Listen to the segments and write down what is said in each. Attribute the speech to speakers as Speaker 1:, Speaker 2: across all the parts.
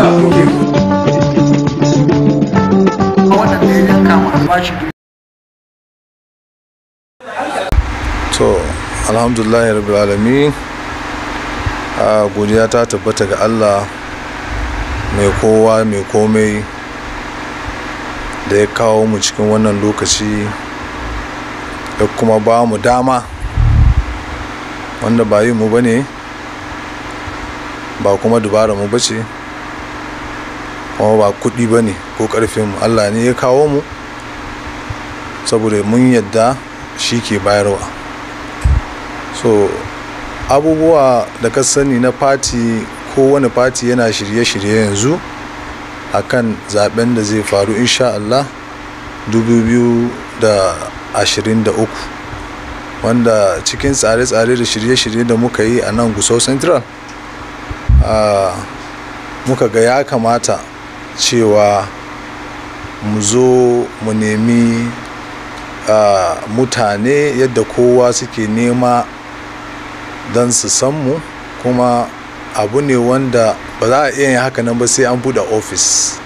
Speaker 1: Allah kuke ya kama bashi to alhamdulillah rabbil alamin a godiya ta tabbata ga Allah mai kowa mai komai da ya kawo mu cikin wannan lokaci da kuma ba mu dama wanda ba yi mu ba ne ba kuma dubara mu ba kuma ba kuɗi ba ne ko mu allah ne ya kawo mu saboda mun yadda shi ke bayarwa so abubuwa da ka sani na fati kowane fati yana shirye-shirye yanzu a kan zaben da zai faru insha allah 2023 wanda cikin tsare-tsare da shirye-shirye da muka yi a nan gusau central ah, muka ga ya kamata cewa mu zo mu nemi mutane yadda kowa suke nema don su san mu kuma abu ne wanda ba za a iya yin haka nan ba sai an buɗe ofis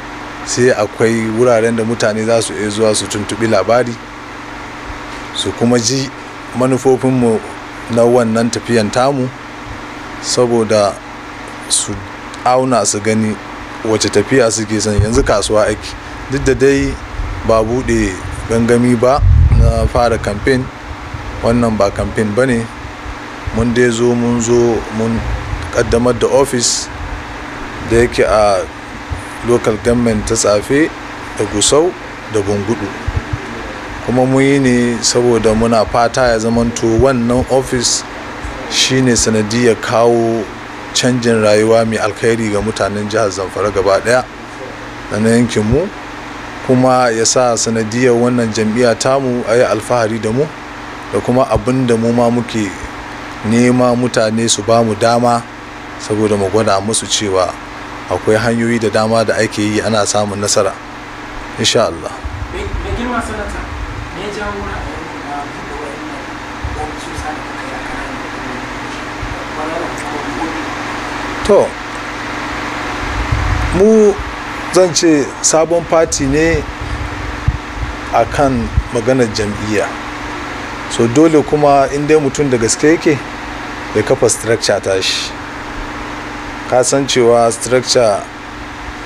Speaker 1: sai akwai wuraren da mutane za su iya zuwa su tuntuɓi labari su kuma ji manufofinmu na wannan tafiyan tamu saboda su auna su gani wace tafiya suke san yanzu kasuwa ake duk da dai ba buɗe gangami ba na fara kamfen wannan ba kamfen ba ne mun dai zo mun zo mun kaddamar da ofis da yake a local government ta tsafe da gusau da gungudu kuma mun yi ne saboda muna fata ya zamanto wannan ofis shine sanadi ya kawo canjin rayuwa mai alkhairi ga mutanen jihar zamfara gaba daya da na yankinmu kuma ya sa sanadiyar wannan jam'iyya tamu a yi alfahari da mu da kuma abin da mu ma muke nema mutane su ba mu dama saboda mu gwada musu cewa akwai hanyoyi da dama da ake yi ana samun nasara insha Allah. to mu zan ce sabon fati ne a kan maganar jam'iyya so dole kuma inda mutum da gaske yake ya kafa structure ta shi cewa structure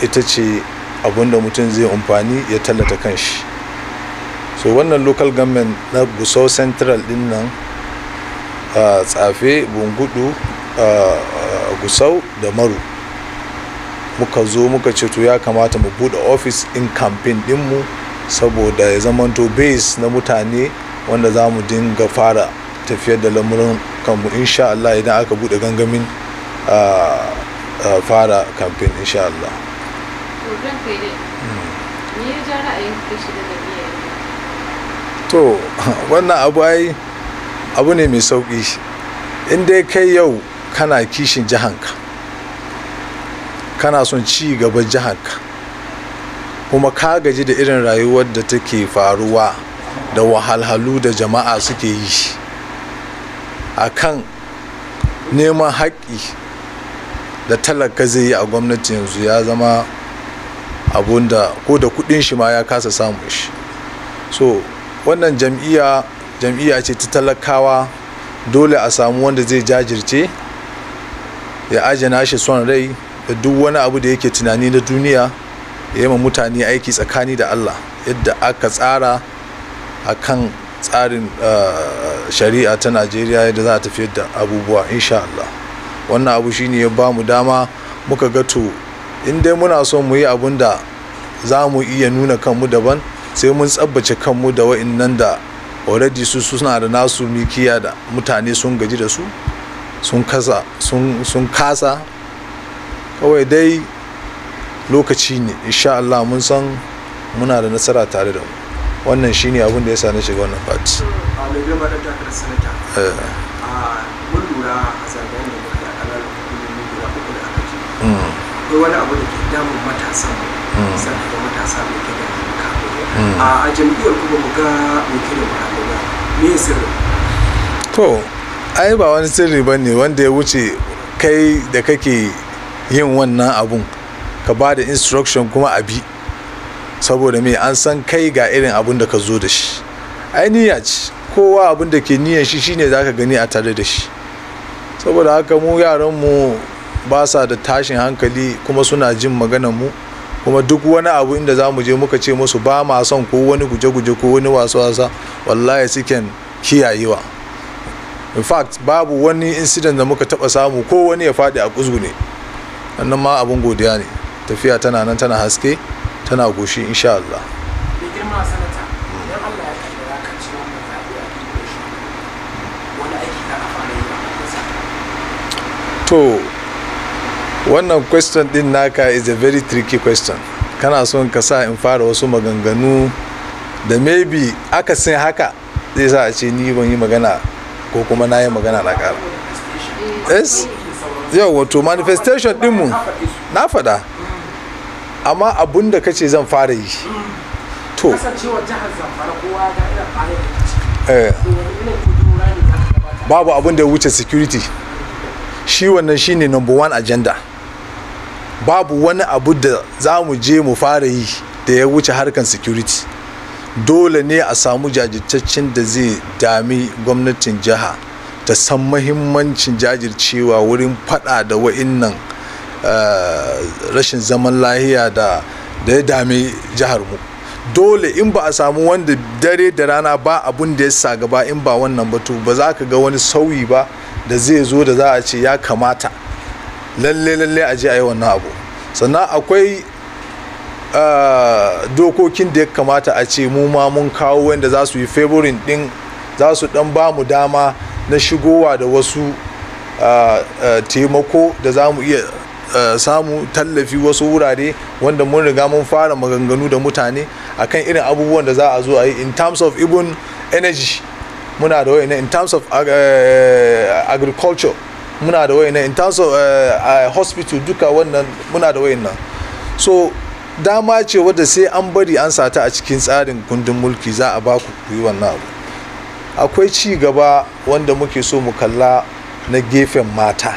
Speaker 1: ita ce abinda mutum zai amfani ya tallata kanshi so wannan local government na gusau central din nan tsafe bungudu gusau da maru muka zo muka ce to ya kamata mu bude ofis in kamfen dinmu saboda ya zamanto base na mutane wanda za mu dinga fara tafiyar da lamurin kanmu insha Allah idan aka bude gangamin fara kamfen insha Allah to hmm. wannan abu ai abu ne mai sauki in dai kai yau kana kishin jihanka kana son ci gaban jihanka kuma ka gaji da irin rayuwar da take faruwa da wahalhalu da jama'a suke yi a kan neman haƙƙi da talaka zai yi a gwamnati yanzu ya zama abun da ko da kuɗin shi ma ya kasa samun shi so wannan jam'iyya jam'iyya ce ta talakawa dole a samu wanda zai jajirce ya ajana nashi son rai da duk wani abu da yake tunani na duniya ya yi mutane aiki tsakani da allah yadda aka tsara a kan tsarin ah, shari'a ta najeriya yadda za a tafiyar da abubuwa insha allah wannan abu shine ya ba mu dama muka ga to in dai muna son mu yi abun da za mu iya nuna kanmu daban sai mun tsabbace kanmu da wa'in nan da already su suna da nasu mikiya da mutane sun gaji da su sun kasa sun kasa kawai dai lokaci ne insha Allah mun san muna da nasara tare da mu wannan shine abin da ya sa na shiga wannan fati a lura ba da takarar sanata eh. a mun lura a ne da muka da alalar hukumomi guda uku da aka ce mm. akwai wani abu da ke damun matasan mm. sannan da matasa mai ke da mm. a jam'iyyar kuma mu ga wakilin mu me sirri to ai ba wani sirri ba ne wanda ya wuce kai da kake yin wannan abun ka ba da instruction kuma a bi saboda me an san kai ga irin abun da ka zo da shi ai niyya ce kowa abun da ke niyan shi shine za ka gani a tare da shi saboda haka mu yaran mu ba sa da tashin hankali kuma suna jin maganar mu kuma duk wani abu inda za mu je muka ce musu ba ma son ko wani guje-guje ko wani wasu wasa wallahi suken kiyayewa in fact babu wani incident da muka taba samu ko wani ya fadi a kuzgune annan ma abin godiya ne tafiya tana nan tana haske tana goshi insha Allah to wannan question din naka is a very tricky question kana son ka sa in fara wasu maganganu da maybe aka sai haka zai sa a ce ni ban yi magana ko kuma na yi magana na ƙara yes yau wato manifestation dinmu na faɗa amma abun da kace zan fara yi to eh. babu abun da ya wuce security shi wannan shine number one agenda babu wani abu da za mu je mu fara yi da ya wuce harkan security dole ne a samu jajirtaccen da zai dami gwamnatin jiha ta san mahimmancin jajircewa wurin fada da wa'innan eh, rashin zaman lahiya da ya dami jihar mu dole in ba a samu wanda dare da rana ba abun da ya sa gaba in ba wannan batu ba za ka ga wani sauyi ba da zai zo da za a ce ya kamata lalle lalle a je a yi wannan abu sannan akwai dokokin da ya kamata a ce mu ma mun kawo wanda za su yi favorin din za su dan ba mu dama na shigowa da wasu taimako da za mu iya samu tallafi wasu wurare wanda mun riga mun fara maganganu da mutane akan irin abubuwan da za a zo a yi in terms of even energy muna da wayannan in terms of agriculture muna da wayannan in terms of hospital duka wannan muna da wayannan so dama ce wadda sai an bari an sata a cikin tsarin kundin mulki za a baku ku yi wannan abu akwai ci gaba wanda muke so mu kalla na gefen mata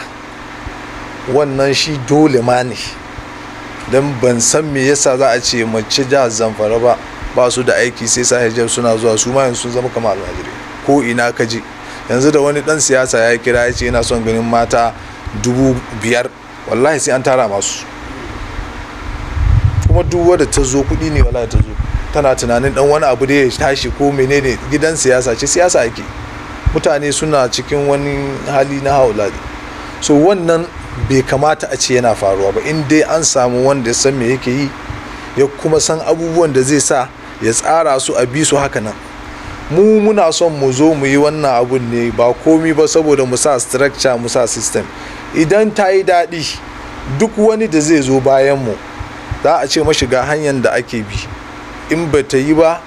Speaker 1: wannan shi dole ma ne don ban san me yasa za a ce mace da zamfara ba ba su da aiki sai sa hijab suna zuwa su ma sun zama kamar almajirai ko ina ka je yanzu da wani dan siyasa ya kira ya ce yana son ganin mata dubu biyar wallahi sai an tara masu kuma duk wadda ta zo kuɗi ne wala ta zo tana tunanin dan wani abu da ya tashi ko menene gidan siyasa ce siyasa ake mutane suna cikin wani hali na haula so wannan bai kamata a ce yana faruwa ba in dai an samu wanda ya san me yake yi ya kuma san abubuwan da zai sa ya tsara su a bi su haka nan mu muna son mu zo mu yi wannan abun ne ba komi ba saboda mu sa structure mu sa system idan ta yi daɗi duk wani da zai zo bayan mu za a ce mashi ga hanyar da ake bi in ba ta yi ba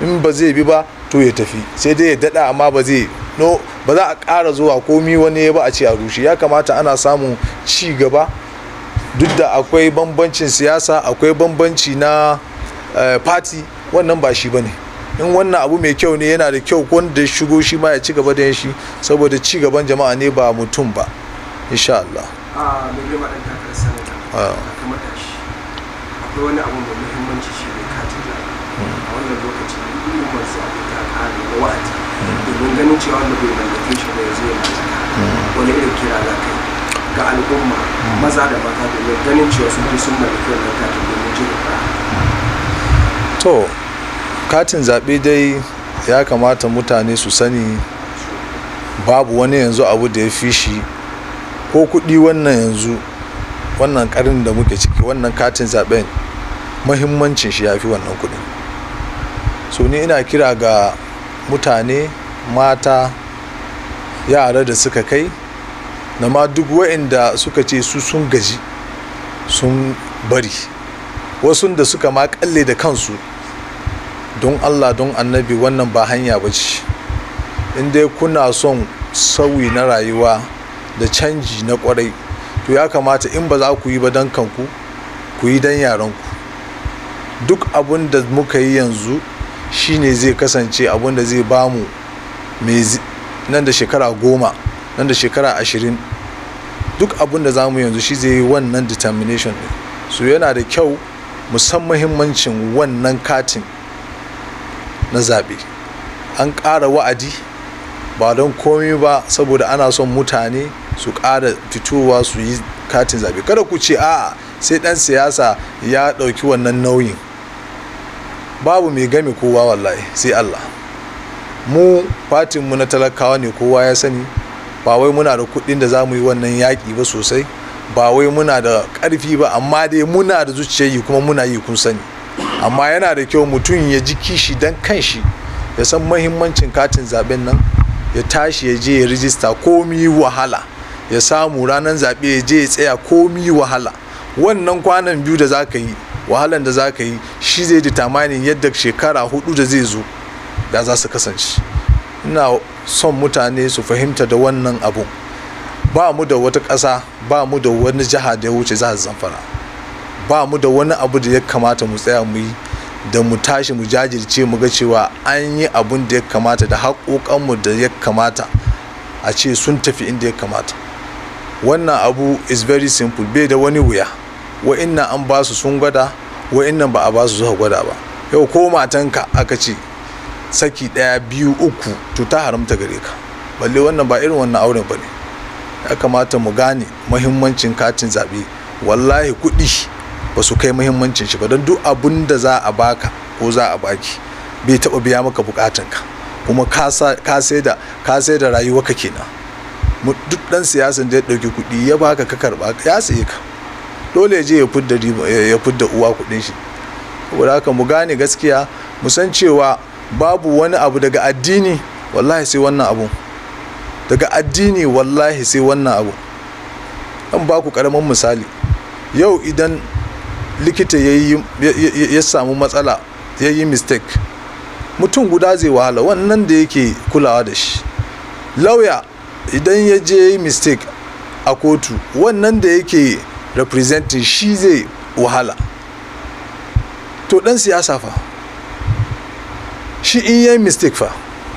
Speaker 1: in ba zai bi ba to ya tafi sai dai ya dada amma ba zai no ba za a ƙara zuwa komi wani ya ba a ce a rushe ya kamata ana samun ci gaba duk da akwai bambancin siyasa akwai bambanci na fati eh, wannan ba shi ba ne in wannan abu mai kyau ne yana da kyau wanda ya shigo shi ma ya ci gaba da shi saboda ci gaban jama'a ne ba mutum ba insha Allah ah, da wani abu mai muhimmanci shi ne katin zaɓe a wannan lokacin lokaci hukumar zaɓe ta ƙare da wa'adi domin ganin cewa wanda bai mallake shi ba ya zo ya wani irin kira za ka yi ga al'umma maza da mata domin ganin cewa sun je sun mallaki wannan katin domin jin to katin zaɓe dai ya kamata mutane su sani babu wani yanzu abu da ya fi shi ko kuɗi wannan yanzu wannan karin da muke ciki wannan katin zaɓen mahimmancin shi ya fi wannan kuɗin so ni ina kira ga mutane mata yara da suka kai na ma duk waɗanda suka ce su sun gaji sun bari wasu da suka ma kalle da kansu don allah don annabi wannan ba hanya ba ce in dai kuna son sauyi na rayuwa da canji na kwarai to ya kamata in ba za ku yi ba don kanku ku yi don yaranku duk abun da muka yi yanzu shine zai kasance abun da zai bamu nan da shekara goma nan da shekara ashirin duk abun da zamu yanzu shi zai yi wannan determination ne so yana da kyau san muhimmancin wannan katin na zaɓe an ƙara wa'adi ba don komi ba saboda ana son mutane su ƙara fitowa su yi katin zaɓe kada ku ce a'a sai ɗan siyasa ya ɗauki wannan nauyin babu mai gami kowa wallahi sai Allah mu fatin mu na talakawa ne kowa ya sani ba wai muna da kuɗin da zamu yi wannan yaki ba sosai ba wai muna da karfi ba amma dai muna da zuciyayi kuma muna yi kun sani amma yana da kyau mutum ya ji kishi don shi ya san mahimmancin katin zaben nan ya tashi ya je ya rijista komi wahala ya samu ranar zaɓe ya je ya tsaya komi wahala wannan kwanan biyu da za ka yi wahalan da za ka yi shi zai da tamanin yadda shekara hudu da zai zo da za su kasance ina son mutane su fahimta da wannan abun ba mu da wata ƙasa ba mu da wani jiha da ya wuce za su zamfara ba mu da wani abu da ya kamata mu tsaya mu yi da mu tashi mu jajirce mu ga cewa an yi abun da ya kamata da haƙoƙanmu da ya kamata a ce sun tafi inda ya kamata wannan abu is very simple bai da wani wuya wa'innan an ba su sun gwada wa'innan ba a ba su suka gwada ba yau ko ka aka ce saki ɗaya biyu uku to ta haramta gare ka balle wannan ba irin wannan auren ba ne ya kamata mu gane mahimmancin katin zaɓe wallahi kuɗi ba su kai mahimmancin shi ba don duk abin da za a baka ko za a baki bai taɓa biya maka ka kuma ka sai da ka sai da rayuwarka kenan duk ɗan siyasan da ya ɗauki kuɗi ya baka ka karɓa ya saye ka dole je ya fidda ya uwa kudin shi saboda haka mu gane gaskiya mu san cewa babu wani abu daga addini wallahi sai wannan abu daga addini wallahi sai wannan abu an ba ku karamin misali yau idan likita ya samu matsala ya yi mistake mutum guda zai wahala wannan da yake kulawa da shi lauya idan ya je ya yi mistake a kotu wannan da yake representing shi zai wahala to dan siyasa fa shi in yi mistake fa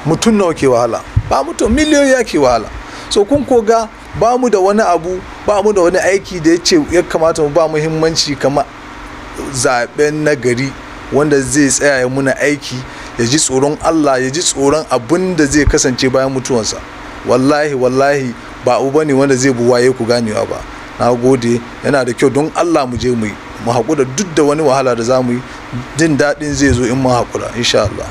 Speaker 1: mutum nawa ke wahala ba mutum miliyoyi ya ke wahala so kun koga ba mu da wani abu ba mu da wani aiki da ya ce ya kamata mu ba muhimmanci kama zaben nagari wanda zai tsaya ya muna aiki ya ji tsoron Allah ya ji tsoron abin da zai kasance bayan mutuwansa wallahi wallahi ba abu bane wanda zai buwaye ku ganewa ba na gode yana da kyau don allah mu je mu yi mu haƙura duk da wani wahala da za mu yi jin daɗin zai zo in mu haƙura insha allah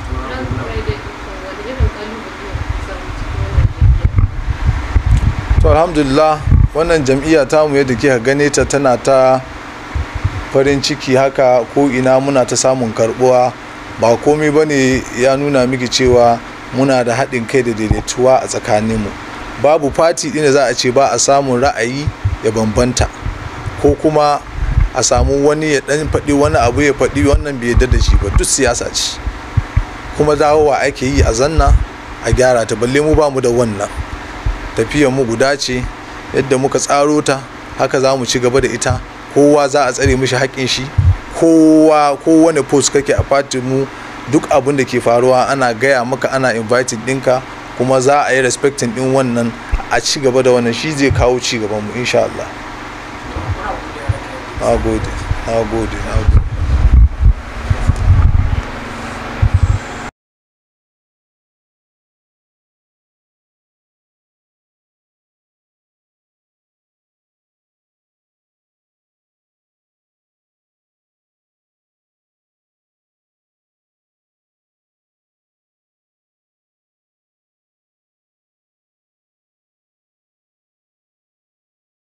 Speaker 1: to alhamdulillah wannan jam'iyya ta mu yadda ke gane ta tana ta farin ciki haka ko ina muna ta samun karbuwa ba komai ba ne ya nuna miki cewa muna da haɗin kai da daidaituwa a tsakaninmu babu fati ɗin da za a ce ba a samun ra'ayi ya bambanta ko kuma a samu wani ya dan faɗi wani abu ya faɗi wannan bai yarda da shi ba duk siyasa ce kuma dawowa ake yi a zanna a gyara ta balle mu ba mu da wannan tafiyar mu guda ce yadda muka tsaro ta haka za mu ci gaba da ita kowa za a tsare mishi haƙƙin shi kowa kowane post kake a fatin mu duk abin da ke faruwa ana gaya maka ana inviting ɗinka kuma za a yi respecting ɗin wannan a ci gaba da wannan shi zai kawo ci gaban mu insha Allah na gode na gode na gode